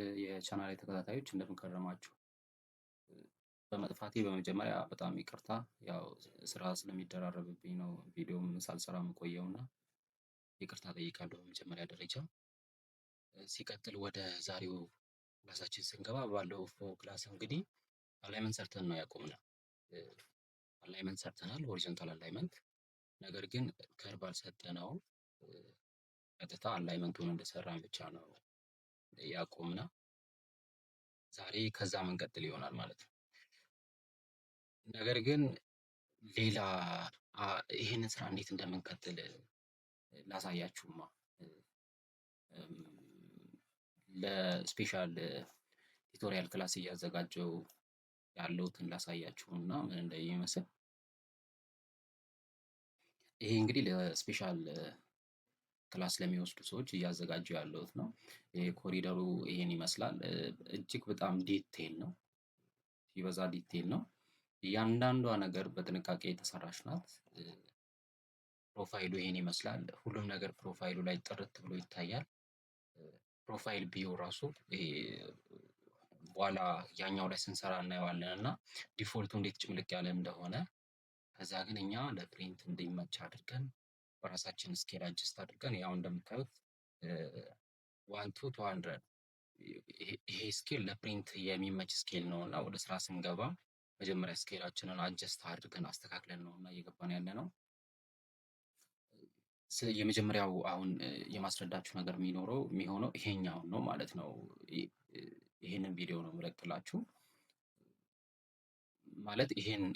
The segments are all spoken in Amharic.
ውድ የቻናል ተከታታዮች እንደምንከረማችሁ። በመጥፋቴ በመጀመሪያ በጣም ይቅርታ፣ ያው ስራ ስለሚደራረብብኝ ነው ቪዲዮም ሳልሰራ የምቆየው እና ይቅርታ ጠይቃለሁ በመጀመሪያ ደረጃ። ሲቀጥል ወደ ዛሬው ክላሳችን ስንገባ ባለፈው ክላስ እንግዲህ አላይመንት ሰርተን ነው ያቆምነው። አላይመንት ሰርተናል፣ ሆሪዞንታል አላይመንት ነገር ግን ከርብ አልሰጠነውም። ቀጥታ አላይመንቱን እንደሰራን ብቻ ነው ያቆምና ዛሬ ከዛ መንቀጥል ይሆናል ማለት ነው። ነገር ግን ሌላ ይህንን ስራ እንዴት እንደምንቀጥል ላሳያችሁማ ለስፔሻል ቱቶሪያል ክላስ እያዘጋጀው ያለውትን ላሳያችሁና ምን እንደሚመስል ይሄ እንግዲህ ለስፔሻል ክላስ ለሚወስዱ ሰዎች እያዘጋጁ ያለሁት ነው። ኮሪደሩ ይሄን ይመስላል። እጅግ በጣም ዲቴል ነው፣ ሲበዛ ዲቴል ነው። እያንዳንዷ ነገር በጥንቃቄ የተሰራች ናት። ፕሮፋይሉ ይሄን ይመስላል። ሁሉም ነገር ፕሮፋይሉ ላይ ጥርት ብሎ ይታያል። ፕሮፋይል ቢዩ ራሱ በኋላ ያኛው ላይ ስንሰራ እናየዋለን እና ዲፎልቱ እንዴት ጭምልቅ ያለ እንደሆነ ከዛ ግን እኛ ለፕሪንት እንዲመች አድርገን በራሳችን ስኬል አጀስት አድርገን ያው እንደምታዩት ዋን ቱ ቱ ሀንድረድ ይሄ ስኬል ለፕሪንት የሚመች ስኬል ነው እና ወደ ስራ ስንገባ መጀመሪያ ስኬላችንን አጀስት አድርገን አስተካክለን ነው እና እየገባን ያለ ነው። የመጀመሪያው አሁን የማስረዳችሁ ነገር የሚኖረው የሚሆነው ይሄኛውን ነው ማለት ነው። ይሄንን ቪዲዮ ነው የምለቅላችሁ ማለት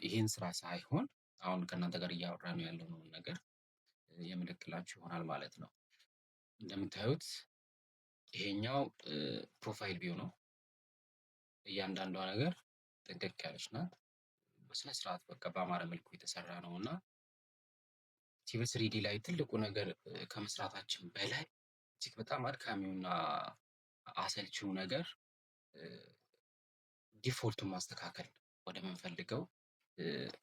ይሄን ስራ ሳይሆን አሁን ከእናንተ ጋር እያወራ ነው ያለውን ነገር የምልክላችሁ ይሆናል ማለት ነው። እንደምታዩት ይሄኛው ፕሮፋይል ቪው ነው። እያንዳንዷ ነገር ጥንቅቅ ያለች ናት። በስነ ስርዓት በቃ በአማረ መልኩ የተሰራ ነው እና ሲቪል ስሪዲ ላይ ትልቁ ነገር ከመስራታችን በላይ እጅግ በጣም አድካሚውና አሰልችው ነገር ዲፎልቱን ማስተካከል ወደምንፈልገው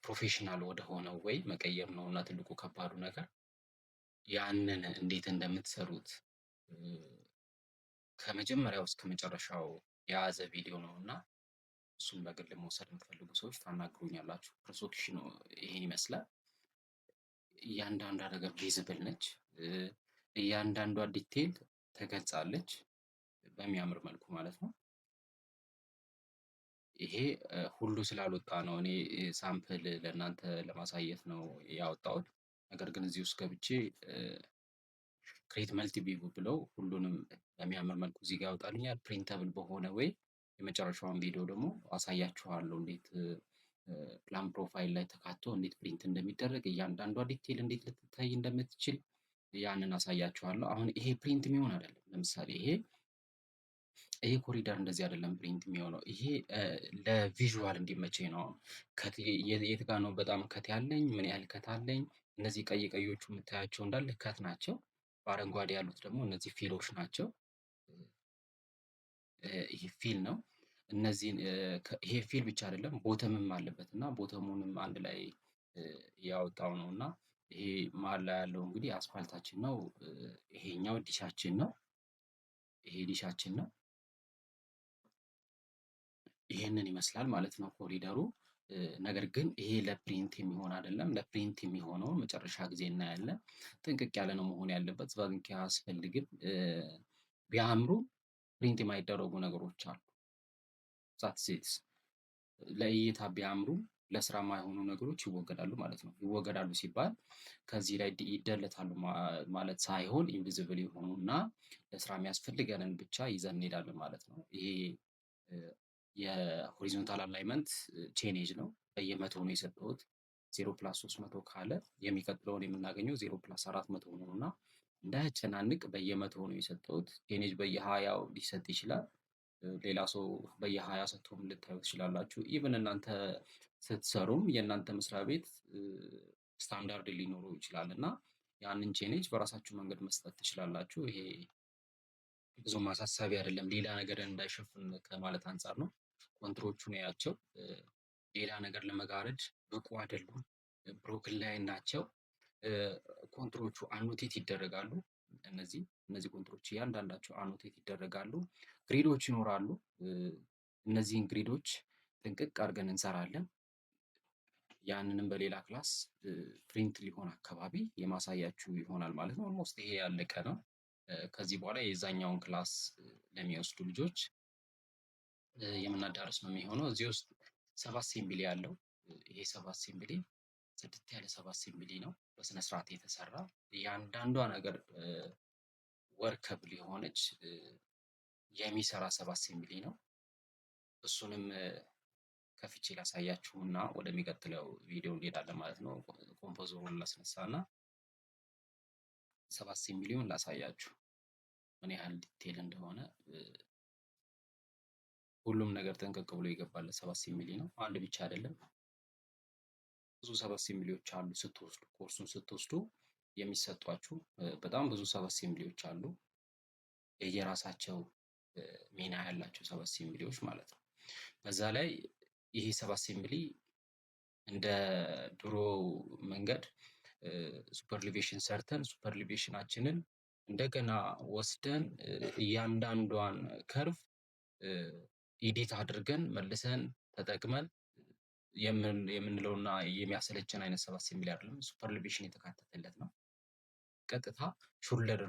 ፕሮፌሽናል ወደሆነው ወይ መቀየር ነው እና ትልቁ ከባዱ ነገር ያንን እንዴት እንደምትሰሩት ከመጀመሪያው እስከ መጨረሻው የያዘ ቪዲዮ ነው እና እሱም በግል መውሰድ የምትፈልጉ ሰዎች ታናግሩኛላችሁ። ፕሮሰክሽኑ ይሄን ይመስላል። እያንዳንዷ ነገር ቪዝብል ነች። እያንዳንዷ ዲቴል ተገልጻለች በሚያምር መልኩ ማለት ነው። ይሄ ሁሉ ስላልወጣ ነው እኔ ሳምፕል ለእናንተ ለማሳየት ነው ያወጣሁት። ነገር ግን እዚህ ውስጥ ገብቼ ክሬት መልቲ ቪው ብለው ሁሉንም በሚያምር መልኩ እዚህ ጋር ያወጣልኛል። ፕሪንተብል በሆነ ወይ የመጨረሻውን ቪዲዮ ደግሞ አሳያችኋለሁ እንዴት ፕላን ፕሮፋይል ላይ ተካቶ እንዴት ፕሪንት እንደሚደረግ እያንዳንዷ ዲቴል እንዴት ልትታይ እንደምትችል ያንን አሳያችኋለሁ። አሁን ይሄ ፕሪንት የሚሆን አይደለም። ለምሳሌ ይሄ ይሄ ኮሪደር እንደዚህ አይደለም ፕሪንት የሚሆነው። ይሄ ለቪዥዋል እንዲመቸኝ ነው። የት ጋ ነው በጣም ከት ያለኝ፣ ምን ያህል ከት አለኝ፣ እነዚህ ቀይ ቀዮቹ የምታያቸው እንዳለ ከት ናቸው። በአረንጓዴ ያሉት ደግሞ እነዚህ ፊሎች ናቸው። ይህ ፊል ነው። እነዚህን ይሄ ፊል ብቻ አይደለም ቦተምም አለበት እና ቦተሙንም አንድ ላይ ያወጣው ነው እና ይሄ መሀል ላይ ያለው እንግዲህ አስፋልታችን ነው። ይሄኛው ዲሻችን ነው። ይሄ ዲሻችን ነው። ይህንን ይመስላል ማለት ነው ኮሪደሩ። ነገር ግን ይሄ ለፕሪንት የሚሆን አይደለም። ለፕሪንት የሚሆነውን መጨረሻ ጊዜ እናያለን። ጥንቅቅ ያለ ነው መሆን ያለበት። ዛግንኪ አያስፈልግም። ቢያምሩ ፕሪንት የማይደረጉ ነገሮች አሉ። ሳትሴትስ ለእይታ ቢያምሩ ለስራ የማይሆኑ ነገሮች ይወገዳሉ ማለት ነው። ይወገዳሉ ሲባል ከዚህ ላይ ይደለታሉ ማለት ሳይሆን ኢንቪዚብል የሆኑ እና ለስራ የሚያስፈልገንን ብቻ ይዘን እንሄዳለን ማለት ነው። ይሄ የሆሪዞንታል አላይመንት ቼኔጅ ነው። በየመቶ ነው የሰጠሁት። ዜሮ ፕላስ ሶስት መቶ ካለ የሚቀጥለውን የምናገኘው ዜሮ ፕላስ አራት መቶ ነው እና እንዳያጨናንቅ በየመቶ ነው የሰጠሁት። ቼኔጅ በየሀያው ሊሰጥ ይችላል። ሌላ ሰው በየሀያ ሰጥቶም ልታዩ ትችላላችሁ። ኢቨን እናንተ ስትሰሩም የእናንተ መስሪያ ቤት ስታንዳርድ ሊኖረው ይችላል እና ያንን ቼንጅ በራሳችሁ መንገድ መስጠት ትችላላችሁ። ይሄ ብዙ አሳሳቢ አይደለም። ሌላ ነገርን እንዳይሸፍን ከማለት አንጻር ነው። ነው ያቸው ሌላ ነገር ለመጋረድ ብቁ አይደሉም። ብሮክን ላይ ናቸው። ኮንትሮቹ አኖቴት ይደረጋሉ። እነዚህ እነዚህ ኮንትሮች እያንዳንዳቸው አኖቴት ይደረጋሉ። ግሪዶች ይኖራሉ። እነዚህን ግሪዶች ጥንቅቅ አድርገን እንሰራለን። ያንንም በሌላ ክላስ ፕሪንት ሊሆን አካባቢ የማሳያችሁ ይሆናል ማለት ነው። ኦልሞስት ይሄ ያለቀ ነው። ከዚህ በኋላ የዛኛውን ክላስ ለሚወስዱ ልጆች የምናዳርስ ነው የሚሆነው። እዚህ ውስጥ ሰባት ሲምብሊ አለው። ይሄ ሰባት ሲምብሊ ጽድት ያለ ሰባት ሲምብሊ ነው በስነስርዓት የተሰራ እያንዳንዷ ነገር ወርከብል የሆነች የሚሰራ ሰባት ሲምብሊ ነው። እሱንም ከፍቼ ላሳያችሁና ወደሚቀጥለው ቪዲዮ እንሄዳለን ማለት ነው። ኮምፖዘሩን ላስነሳና ሰባት ሲምብሊውን ላሳያችሁ ምን ያህል ዲቴል እንደሆነ ሁሉም ነገር ጠንቀቅ ብሎ የገባለት ሰባት ሲሚሊ ነው። አንድ ብቻ አይደለም፣ ብዙ ሰባት ሲሚሊዎች አሉ። ስትወስዱ ኮርሱን ስትወስዱ የሚሰጧችሁ በጣም ብዙ ሰባት ሲሚሊዎች አሉ። የየራሳቸው ሚና ያላቸው ሰባት ሲሚሊዎች ማለት ነው። በዛ ላይ ይሄ ሰባት ሲሚሊ እንደ ድሮ መንገድ ሱፐርሊቬሽን ሰርተን ሱፐርሊቬሽናችንን እንደገና ወስደን እያንዳንዷን ከርቭ ኢዲት አድርገን መልሰን ተጠቅመን የምንለውና የሚያሰለችን አይነት ሰባት የሚል አይደለም። ሱፐርሊቬሽን የተካተተለት ነው። ቀጥታ ሹልደር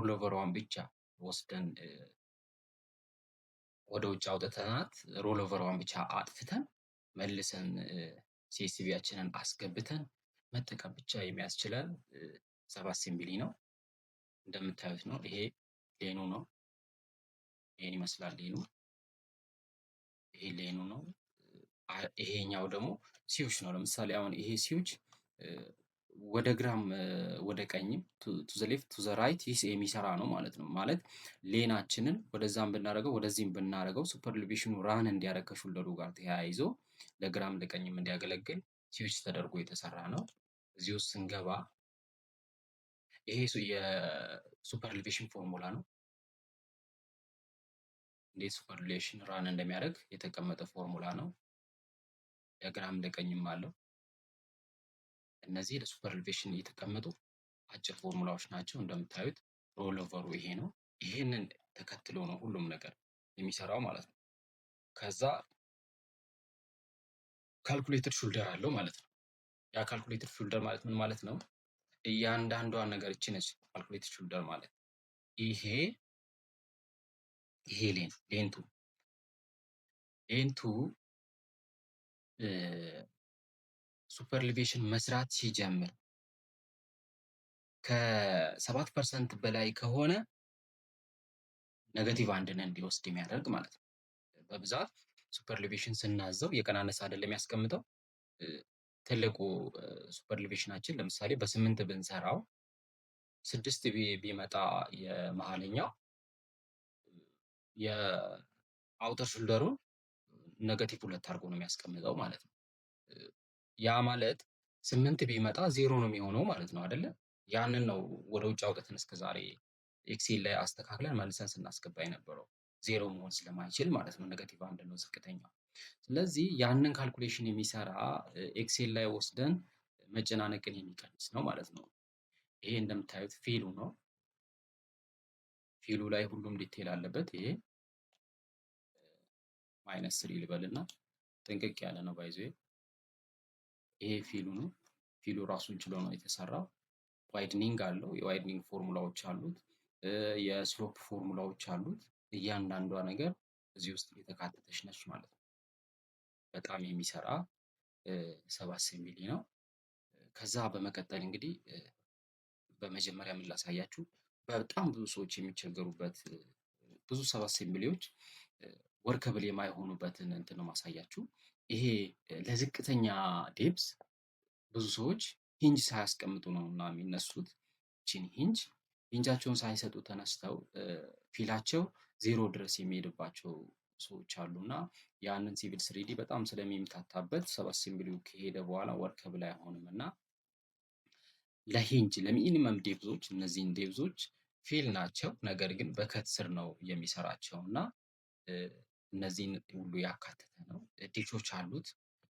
ሮሎቨሯን ብቻ ወስደን ወደ ውጭ አውጥተናት ሮሎቨሯን ብቻ አጥፍተን መልሰን ሲኤስቢያችንን አስገብተን መጠቀም ብቻ የሚያስችለን ሰባት ሲምቢሊ ነው። እንደምታዩት ነው። ይሄ ሌኑ ነው። ይህን ይመስላል ሌኑ። ይሄ ሌኑ ነው። ይሄኛው ደግሞ ሲዎች ነው። ለምሳሌ አሁን ይሄ ሲዎች ወደ ግራም ወደ ቀኝም ቱ ቱዘራይት ይህ የሚሰራ ነው ማለት ነው። ማለት ሌናችንን ወደዛም ብናደረገው ወደዚህም ብናደርገው ሱፐርሊቬሽኑ ራን እንዲያደረግ ከሹለዱ ጋር ተያይዞ ለግራም ለቀኝም እንዲያገለግል ሲዎች ተደርጎ የተሰራ ነው። እዚህ ውስጥ ስንገባ ይሄ ሊቬሽን ፎርሙላ ነው። እንዴት ሱፐርሪሌሽን ራን እንደሚያደርግ የተቀመጠ ፎርሙላ ነው። ለግራም ለቀኝም አለው። እነዚህ ለሱፐርሪሌሽን የተቀመጡ አጭር ፎርሙላዎች ናቸው። እንደምታዩት ሮል ኦቨሩ ይሄ ነው። ይህንን ተከትሎ ነው ሁሉም ነገር የሚሰራው ማለት ነው። ከዛ ካልኩሌትድ ሹልደር አለው ማለት ነው። ያ ካልኩሌትድ ሹልደር ማለት ምን ማለት ነው? እያንዳንዷን ነገር እቺ ነች ካልኩሌትድ ሹልደር ማለት ይሄ ይሄ ሌን ሌንቱ ሌንቱ ሱፐርሊቬሽን መስራት ሲጀምር ከሰባት ፐርሰንት በላይ ከሆነ ነገቲቭ አንድን እንዲወስድ የሚያደርግ ማለት ነው። በብዛት ሱፐርሊቬሽን ስናዘው የቀናነስ አይደለም ያስቀምጠው ትልቁ ሱፐርሊቬሽናችን ለምሳሌ በስምንት ብንሰራው ስድስት ቢመጣ የመሀለኛው የአውተር ሹልደሩን ነገቲቭ ሁለት አድርጎ ነው የሚያስቀምጠው ማለት ነው። ያ ማለት ስምንት ቢመጣ ዜሮ ነው የሚሆነው ማለት ነው አይደለ? ያንን ነው ወደ ውጭ አውጥተን እስከ ዛሬ ኤክሴል ላይ አስተካክለን መልሰን ስናስገባ የነበረው ዜሮ መሆን ስለማይችል ማለት ነው። ነገቲቭ አንድ ነው ዝቅተኛ። ስለዚህ ያንን ካልኩሌሽን የሚሰራ ኤክሴል ላይ ወስደን መጨናነቅን የሚቀንስ ነው ማለት ነው። ይሄ እንደምታዩት ፊሉ ነው። ፊሉ ላይ ሁሉም ዲቴል አለበት። ይሄ ማይነስ ስሪ ልበልና ጥንቅቅ ያለ ነው ባይዞ። ይሄ ፊሉ ነው። ፊሉ ራሱን ችሎ ነው የተሰራው። ዋይድኒንግ አለው። የዋይድኒንግ ፎርሙላዎች አሉት። የስሎፕ ፎርሙላዎች አሉት። እያንዳንዷ ነገር እዚህ ውስጥ የተካተተች ነች ማለት ነው። በጣም የሚሰራ ሰባት ሚሊ ነው። ከዛ በመቀጠል እንግዲህ በመጀመሪያ ምን ላሳያችሁ በጣም ብዙ ሰዎች የሚቸገሩበት ብዙ ሰባት አሴምብሊዎች ወርከብል የማይሆኑበትን እንትን ነው ማሳያችሁ። ይሄ ለዝቅተኛ ዴፕስ ብዙ ሰዎች ሂንጅ ሳያስቀምጡ ነው እና የሚነሱት። ቺን ሂንጅ ሂንጃቸውን ሳይሰጡ ተነስተው ፊላቸው ዜሮ ድረስ የሚሄድባቸው ሰዎች አሉ እና ያንን ሲቪል ስሪዲ በጣም ስለሚምታታበት ሰብ አሴምብሊው ከሄደ በኋላ ወርከብል አይሆንም እና ለሂንጅ ለሚኒመም ዴብዞች እነዚህን ዴብዞች ፌል ናቸው፣ ነገር ግን በከትስር ነው የሚሰራቸው እና እነዚህን ሁሉ ያካተተ ነው። ዲቾች አሉት።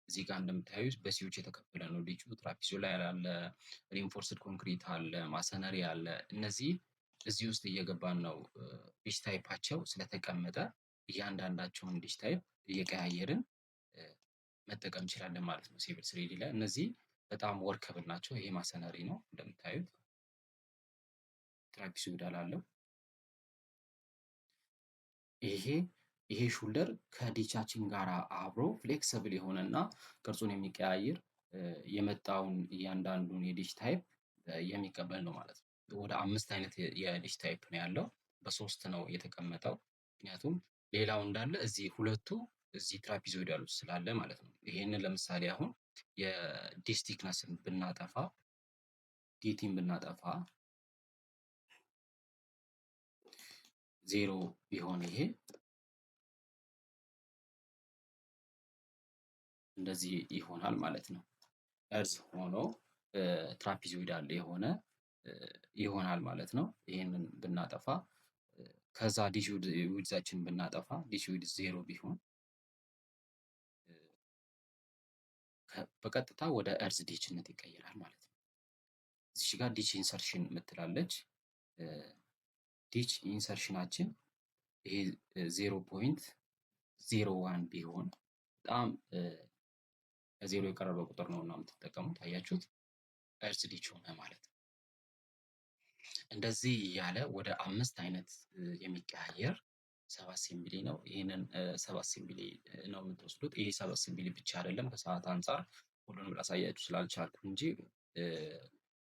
እዚህ ጋር እንደምታዩት በሲዎች የተከፈለ ነው ዲቹ። ትራፒዞ ላይ አለ፣ ሪንፎርስድ ኮንክሪት አለ፣ ማሰነሪ አለ። እነዚህ እዚህ ውስጥ እየገባን ነው ዲሽ ታይፓቸው ስለተቀመጠ እያንዳንዳቸውን ዲሽ ታይፕ እየቀያየርን መጠቀም እንችላለን ማለት ነው። ሲቪል ስሪዲ ላይ እነዚህ በጣም ወርከብል ናቸው። ይሄ ማሰነሪ ነው እንደምታዩት ትራፒዞይዳል አለው። ይሄ ይሄ ሹልደር ከዲቻችን ጋር አብሮ ፍሌክስብል የሆነና ቅርጹን የሚቀያየር የመጣውን እያንዳንዱን የዲሽ ታይፕ የሚቀበል ነው ማለት ነው። ወደ አምስት አይነት የዲሽ ታይፕ ነው ያለው። በሶስት ነው የተቀመጠው ምክንያቱም ሌላው እንዳለ እዚህ ሁለቱ እዚህ ትራፒዞይዳል ውስጥ ስላለ ማለት ነው። ይሄንን ለምሳሌ አሁን የዲስቲ ክላስን ብናጠፋ ዲቲን ብናጠፋ ዜሮ ቢሆን ይሄ እንደዚህ ይሆናል ማለት ነው። እርዝ ሆኖ ትራፒዞይዳል የሆነ ይሆናል ማለት ነው። ይህንን ብናጠፋ ከዛ ዲሽ ዊድዛችን ብናጠፋ ዲሽ ዊድዝ ዜሮ ቢሆን በቀጥታ ወደ እርዝ ዲችነት ይቀየራል ማለት ነው። እዚህ ጋር ዲች ኢንሰርሽን የምትላለች ዲች ኢንሰርሽናችን ይሄ ዜሮ ፖይንት ዜሮ ዋን ቢሆን በጣም ከዜሮ የቀረበ ቁጥር ነው እና የምትጠቀሙት አያችሁት፣ እርዝ ዲች ሆነ ማለት ነው። እንደዚህ እያለ ወደ አምስት አይነት የሚቀያየር ሰባት ሲምቢሊ ነው። ይህንን ሰባት ሲምቢሊ ነው የምትወስዱት። ይሄ ሰባት ሲምቢሊ ብቻ አይደለም፣ ከሰዓት አንጻር ሁሉንም ላሳያችሁ ስላልቻልኩ እንጂ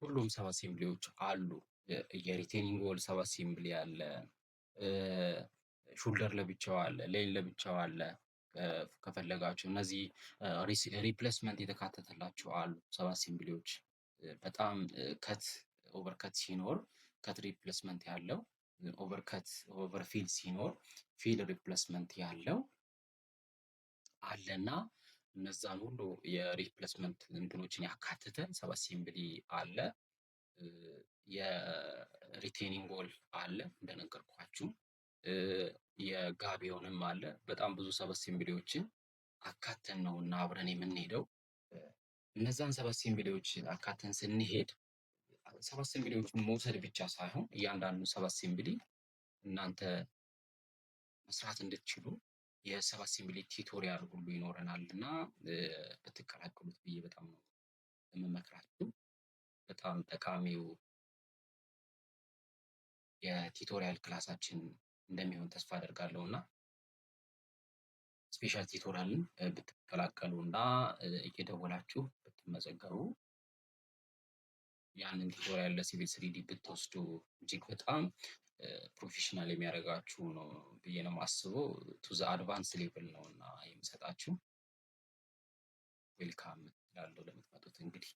ሁሉም ሰባት ሲምቢሊዎች አሉ። የሪቴኒንግ ወል ሰባት ሲምቢሊ አለ፣ ሹልደር ለብቻው አለ፣ ሌን ለብቻው አለ። ከፈለጋችሁ እነዚህ ሪፕሌስመንት የተካተተላቸው አሉ። ሰባት ሲምቢሊዎች በጣም ከት ኦቨርከት ሲኖር ከት ሪፕሌስመንት ያለው ኦቨርከት ኦቨርፊል ሲኖር ፊል ሪፕሌስመንት ያለው አለና እነዛን ሁሉ የሪፕሌስመንት እንትኖችን ያካተተ ሰብ አሴምብሊ አለ። የሪቴኒንግ ዎል አለ እንደነገርኳችሁ፣ የጋብ አለ። በጣም ብዙ ሰብ አሴምብሊዎችን አካተን ነው እና አብረን የምንሄደው እነዛን ሰብ አሴምብሊዎች አካተን ስንሄድ ሰባት ሲምብሊዎቹን መውሰድ ብቻ ሳይሆን እያንዳንዱ ሰባት ሲምቢሊ እናንተ መስራት እንድትችሉ የሰባት ሲምቢሊ ቲቶሪያል ሁሉ ይኖረናል እና ብትቀላቀሉት ብዬ በጣም ነው የምመክራችሁ። በጣም ጠቃሚው የቲቶሪያል ክላሳችን እንደሚሆን ተስፋ አደርጋለሁ እና ስፔሻል ቲቶሪያልን ብትቀላቀሉ እና እየደወላችሁ ብትመዘገቡ ያንን ቱቶሪያል ለሲቪል ስሪዲ ብትወስዱ እጅግ በጣም ፕሮፌሽናል የሚያደርጋችሁ ነው ብዬ ነው የማስበው። ቱ አድቫንስ ሌቭል ነው እና የሚሰጣችሁ ዌልካም ላለው ለምትመጡት እንግዲህ